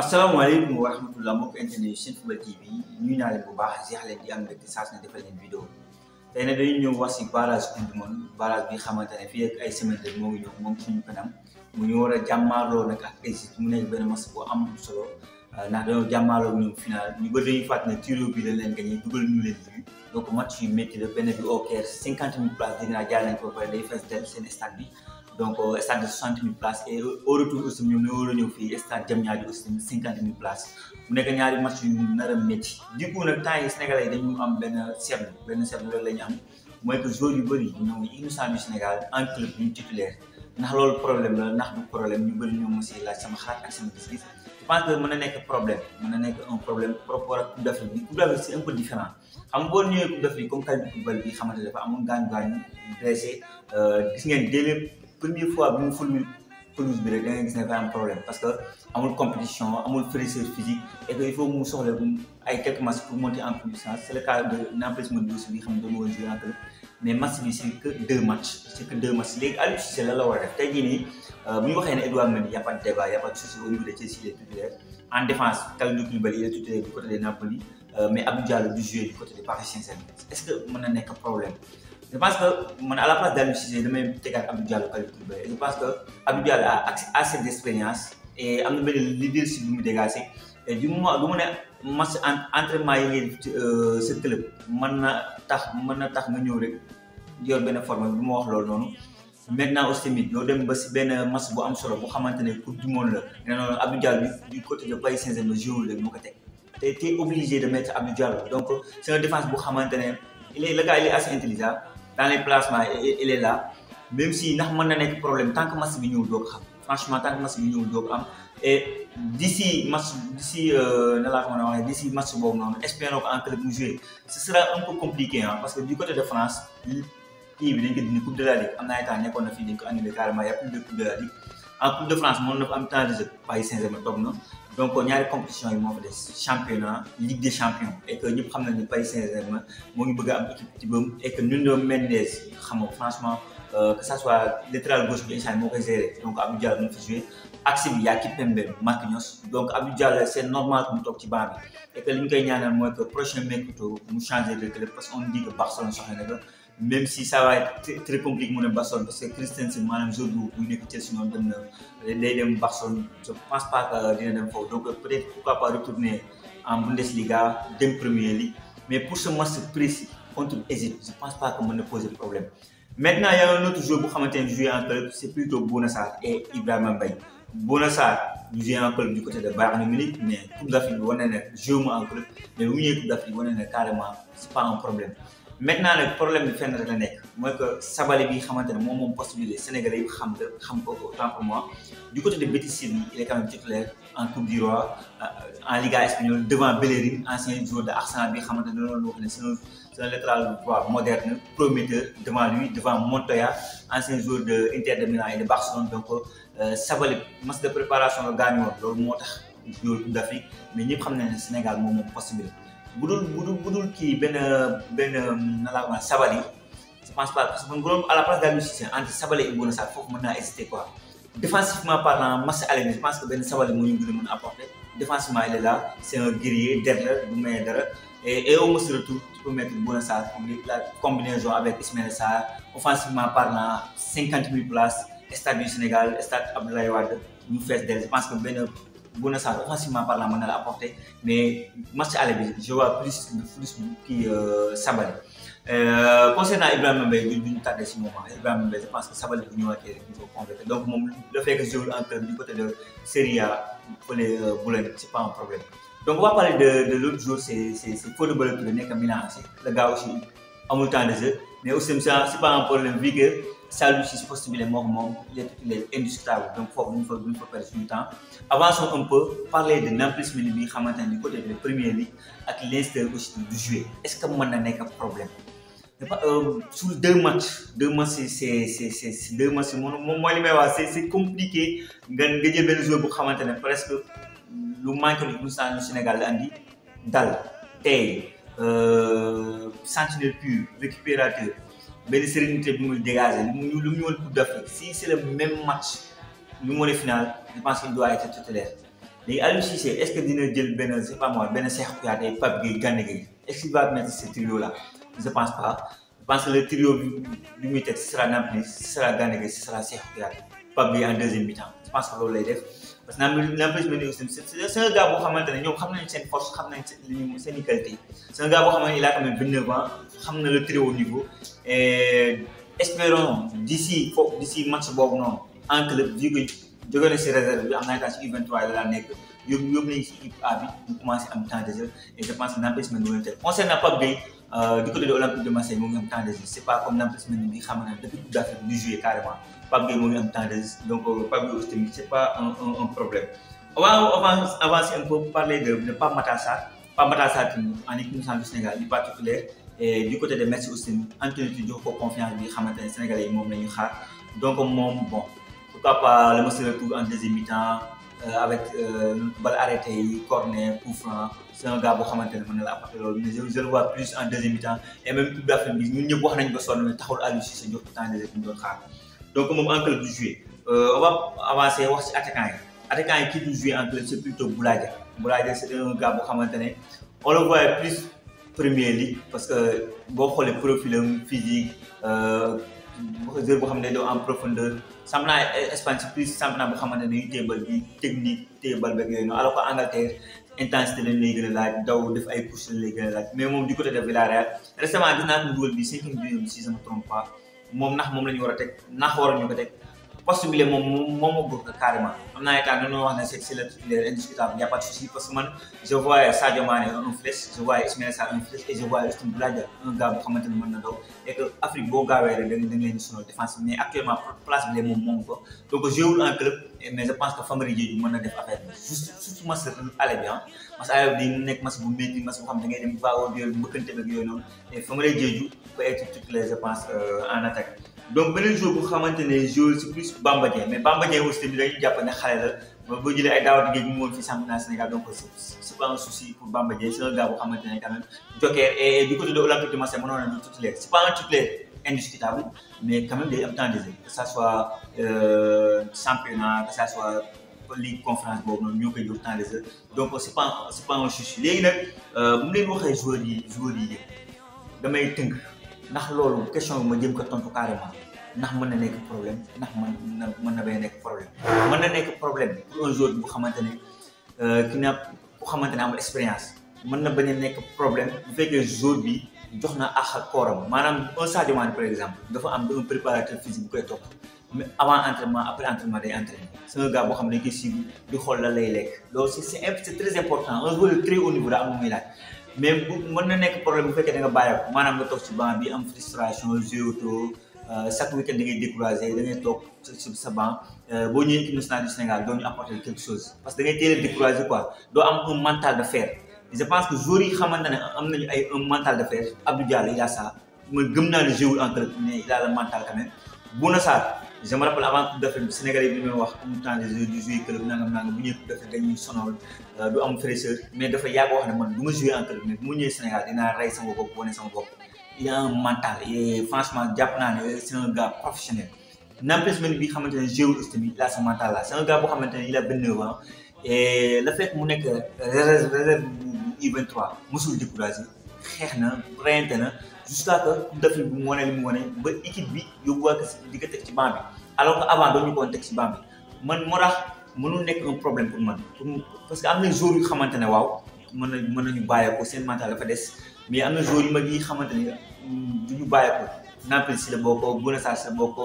asalaamaaleykum wa rahmatulah mbokk internet yu Senfootball TV ñuy ñu leen bu baax jeex leen di am saas saa defal leen vidéo tey nag dañuy ñëw wax si barrage coupe du monde barrage bi xamante ne fii ay semaine rek moo ngi ñëw moom suñu kanam mu ñu war a jàmmaarloo nag ak Égypte mu nekk benn match bu am solo euh, ndax dañoo jàmmaarloo ñoom final ñu ba dañuy fàtt ne tiro bi lañ leen gagné dugal ñu leen lii donc match yu métti la benn bi au cinquante mille places dina jaar nañ ko ba pare day fees del bi donc euh, stade soixante mille places et au retour aussi ñoom ñoo war a ñëw fii stade Diamniadio cinquante mille places mu nekk ñaari match yu nar a métti du coup nag temps yi dañu am benn seetlu benn seetlu la ñu am mooy que joueurs yu bëri ñoom hymne sang du Sénégal en club ñu titulaire ndax loolu problème la ndax du problème ñu bëri ñoom si la sama xaar ak sama gis-gis que mën na nekk problème mën na nekk un problème par rapport ak Coupe d'Afrique bi d'Afrique xam nga boo ñëwee Coupe d'Afrique bi xamante dafa amoon gaañ-gaañ blessé euh, gis première fois bi mu fulmi pelouse bi rek da ngay gis ne dafa am problème parce que amul compétition amul fraîcheur physique et que il faut mu soxla ay quelques matchs pour monter en puissance c' est le cas de Nampalys Mendy aussi bi nga xam ne dama woon jouer en club mais match bi c' est que deux matchs c' est que deux matchs léegi Aliou Cissé la la war a def tey jii nii euh, bu ñu waxee ne Edouard Mendy y' a pas de débat y' a pas de souci au niveau de Chelsea il est en défense Kalidou Koulibaly il est titulaire du côté de Napoli euh, mais Abdou Diallo du jouer du côté de Paris Saint-Germain est ce que mën na nekk problème. Je pense que à la place d'Alou Cissé, je vais abidjal Je pense que abidjal a assez d'expérience et a une belle leadership qui me Et du moment où je euh, ce club forme maintenant aussi tamit nous dem ba bien benn match bu am solo bu monde du côté de Paris Saint-Germain obligé de mettre abidjal donc c'est une défense bu il est le gars il est assez intelligent dans les placements elle est là même si il y na un problème tant que match bi ñëwul doo ko xam franchement tant que match bi ñëwul doo ko am et d'ici match d'ici euh, laa ko mën d'ici match boobu noonu espérons que en club jouer ce sera un peu compliqué hein, parce que du côté de France il bi dañ ko dindi coupe de la ligue am na ay temps nekkoon na fii dañ ko annulé carrément y a plus de coupe de la ligue en coupe de France mon na fa am temps de jeu Paris Saint-Germain donc on a une compétition de des championnat ligue des champions et que nous prenons des Paris Saint-Germain moo ngi équipe et que nous nous des nga franchement euh, que ça soit latéral gauche bi instant yii moo donc Abdou Diallo mu ngi Axel joué axe bi yaa Kimpembe Marquinhos donc Abdou c'est c'est normal que nous nous ci et que nous gagnons, koy ñaanal le que prochain mec, nous changer de club parce on dit que Barcelone ne de ko même si ça va être très, compliqué mon parce que Christensen c'est je bu nek Chelsea dem je pense pas que dina dem foofu donc peut-être pourquoi pas retourner en Bundesliga en Premier League mais pour ce match précis contre l'Égypte je pense pas que ça pose poser problème. maintenant il y a un autre joueur pour je jouer en club c'est plutôt Bonassa et Ibrahima Bay. Bouna Sarr jouons en club du côté de Bayern Munich mais Coupe d'Afrique on est en club mais le coup d'Afrique on carrément c'est pas un problème maintenant le problème bi fenn rek la nekk que Sabaly bi xamante ne moom moom poste Sénégalais yëpp xam nga xam ko autant pour moi du côté de Bétis il est quand même titulaire en Coupe du Roi euh, en Liga espagnole devant Bellerin ancien joueur de Arsenal bi xamante ne loolu wax ne c'est un un latéral moderne prometteur devant lui devant Montoya ancien joueur de Inter de Milan et de Barcelone donc euh, Sabaly match de préparation la gaañu woon loolu moo tax joueur d'Afrique mais ñëpp xam nañ ne Sénégal moom moom poste bu dul bu kii benn benn na laa wax Sabaly je pense pas parce que man bu la place d'Aliou Cissé entre Sabaly et Bouna Sarr foofu mën naa hésiter quoi défensivement parlant Massa Aleni je pense que benn Sabaly moo ñu gën a mën défensivement il est là c'est un la du may dara et et au moins retour tu peux mettre Bouna Sarr combinaison avec Ismaël Sarr offensivement parlant cinquante mille places stade du Sénégal stade Abdoulaye Wade ñu fees del je pense que Bounassar offensivement parlant mën na la apporter mais match aller je vois plus plus kii euh, euh concernant Ibrahima Mbaye du ñu de ce moment Ibrahima Mbaye je pense que Sabaly bu ñëwaatee rek il faut donc moom le fait que je joue en terme du côté de Serie A fële euh, Boulogne c'est pas un problème. donc on va parler de de l'autre jour c'est c'est c' est qui est Fodé Ballo-Touré nekk Milan le gars aussi en temps de jeu mais aussi c'est pas un problème vu que. Saloum si c'est possible les morts moom il est il est indiscutable donc faut bu faut fa bu perdre du temps avançons un peu parler de Nampalys Mendy bi du côté de Premier League avec Leicester aussi du jouer est ce que mën na un problème. pas euh, sur deux matchs deux matchs c'est c'est deux matchs mon moi moi may wax c'est compliqué nga nga jël benn joueur bu xamante ne manque nous manqué au Sénégal la andi dal euh, sentinelle Pur, récupérateur benn sérénité bi muy dégager lu mu lu mu ñëwoon Coupe d'Afrique si c'est le même match lu mu finale, final je pense qu'il doit être titulaire léegi Aliou Cissé est-ce que dina jël ben c'est pas moi Ben Cheikh Kouyaté Pape Gueye Gana Gueye est-ce qu'il va mettre ce trio là je pense pas je pense que le trio bi muy teg ce sera Nampalys ce sera Gana Gueye ce sera Cheikh Kouyaté Pape Gueye en deuxième mi-temps je pense que loolu lay def. parce que Nampalys Mendy aussi c'est un gars boo xamante ne ñoom xam nañ seen force xam nañ seen seen i qualité c'est un gars boo xamante ne il a quand même xam na le très niveau et espérons d'ici foofu match boobu noonu en club vu que jóge si réserve am naa kaa si u la nekk yóbbu yóbbu nañ si équipe A bi ñu am temps de jeu et je pense que Nampalys Mendy concernant Pape Gueye Euh, du côté de olympique de Marseille moo ngi am temps de jeu c'est pas comme Nampalys Mendy bi nga xam ne depuis Coupe d'Afrique du jouer carrément Pape Gueye moo ngi am temps de jeu donc euh, Pape Gueye aussi tamit c'est pas un un un problème. on va avancer avancer un peu parler de de Pape Matar Sarr Pape Matar Sarr tamit en équipe nationale du Sénégal di particulier et du côté de Messi aussi Anthony Tudio jox ko confiance bi xamante ne Sénégalais yi moom la ñu xaar donc moom bon pourquoi pas le match retour en deuxième mi-temps. Euh, avec euh, bal arrêté yi corner coup franc c'est un gars boo xamante ne mën na la apporter loolu mais je le vois plus en deuxième mi-temps et même Coupe d'Afrique nous ñun ñëpp wax nañ ba sonn mais taxul Aliou Cissé jox ko temps de ñu doon xaar donc moom en club du jouer euh, on va avancer wax ci attaquant yi attaquant yi kii en club c'est plutôt Boulaye Dia c'est un gars boo xamante ne on le voit plus Premier League parce que boo xoolee profil am physique joueur boo xam ne doo en profondeur sam naa eh, Espagne si plus championnat boo xamante ne dañuy téebal bi technique téebal beeg yooyu noonu alors que Angleterre intensité lañ lay a laaj daw def ay push lañ lay gën a laaj mais moom di côté de Villarreal récemment gis naa ko mu dugal bi cinquième bi si sama moom nax moom la ñu war a teg ndax waroon ñu ko teg poste bi la moom moom moo bëgg carrément xam naa itam dañoo wax ne c'est c'est le titulaire indiscutable il y a pas de souci parce que man je vois Sadio Mané un flèche je vois Ismaïla Sarr un flèche et je vois Lustum Blaja un gars boo xamante ni mën na daw et que Afrique boo gaawee rek da nga leen sonal défense mais actuellement place bi la moom moom ko donc joué en club mais je pense que Famara Diédhiou mën na def affaire bi juste surtout match aller bi ah match aller bi nekk match bu métti match boo xam da ngay dem ba au biir mbëkkante ak yooyu noonu et Famara Diédhiou peut être titulaire je pense euh, en attaque donc beneen jour bu xamante ne jour si plus Bamba Dieng mais Bamba Dieng aussi tamit dañuy jàpp ne xale la mooy boo jëlee ay daawati géej mu ngi woon fii championnat Sénégal donc c'est pas un souci pour Bamba Dieng c'est un gars bu xamante ne quand même joker et du côté de Olympique de Marseille mënoon na du titulaire c'est pas un titulaire indiscutable, mais quand même des temps des que ce soit euh, championnat, que ce soit ligue conférence, bon, mieux que des temps des heures. Donc, ce n'est pas, pas un souci. Les gens, vous voulez voir les joueurs, les joueurs, les ndax loolu question ma jëm ko tontu carrément ndax mën na nekk problème ndax mën na mën na bay nekk problème. mën na nekk problème pour un joueur xamante ne ki euh, na bu xamante ne amul expérience mën na bañ a nekk problème bu fekkee joueur bi jox na àq ak kooram maanaam un Sadio Mané par exemple dafa am un préparateur physique bu koy topp mais avant entraînement après entraînement day entraîné c'est un gars boo xam ne dañ di xool la lay lekk loolu c'est c'est très important un joueur de très haut niveau daa am mais bu mën na nekk problème bu fekkee da nga bàyyi maanaam nga toog ci banc bi am frustration géoto euh, chaque week-end da ngay toog ci sa banc euh, boo ñëwee équipe nationale du Sénégal doo ñu apporter quelque chose parce que da ngay teel a découragé doo am un mental de fer je pense que joueurs yi xamante ne am nañu ay un mental de fer Abdou Diallo il a ça man gëm naa ne joueur entre mais il a le Bouna Sarr je a rappelle avant coupe d'Afrique bi Sénégalais bi ñu wax temps de jouer du jouer club nangam nangam bu ñëwee coupe d'Afrique dañuy sonal euh, du am fraîcheur mais dafa yàgg wax na man du ma jouer en club mais bu mu ñëwee Sénégal dinaa sama bopp wane sama bopp il a un mental et franchement jàpp naa ne c'est un gars professionnel n'empêche man bi xamante ne jéewul aussi tamit la sa boo xamante ne il a 29 ans et le fait mu nekk réserve réserve bu U23 mosul découragé xeex na reyante na jusqu'à que Coupe d'Afrique bi mu ci banc bi alors que ñu ko woon teg ci banc man moo tax mënul nekk problème pour man pour parce que am na joueurs yu xamante ne waaw mën na mën nañu bàyyeekoo seen mental dafa des mais am na joueurs yu mag yi xamante ne du ñu bàyyeekoo Nampalys si la bokk Bouna Sarr si la bokk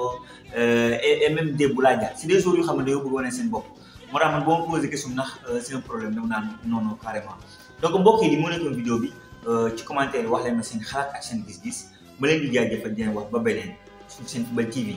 euh, et même Demba Ladiya si des joueurs yu xam ne dañoo bëgg wane seen bopp moo tax man boo ma posé question ndax euh, c'est un problème dama naan non carrément donc mbokk yi di mu nekkoon bi. ci eh, commentaire wax leen na seen xalaat ak seen gis-gis ma leen di jaajëfal di leen wax ba beneen suñu seen tubal TV.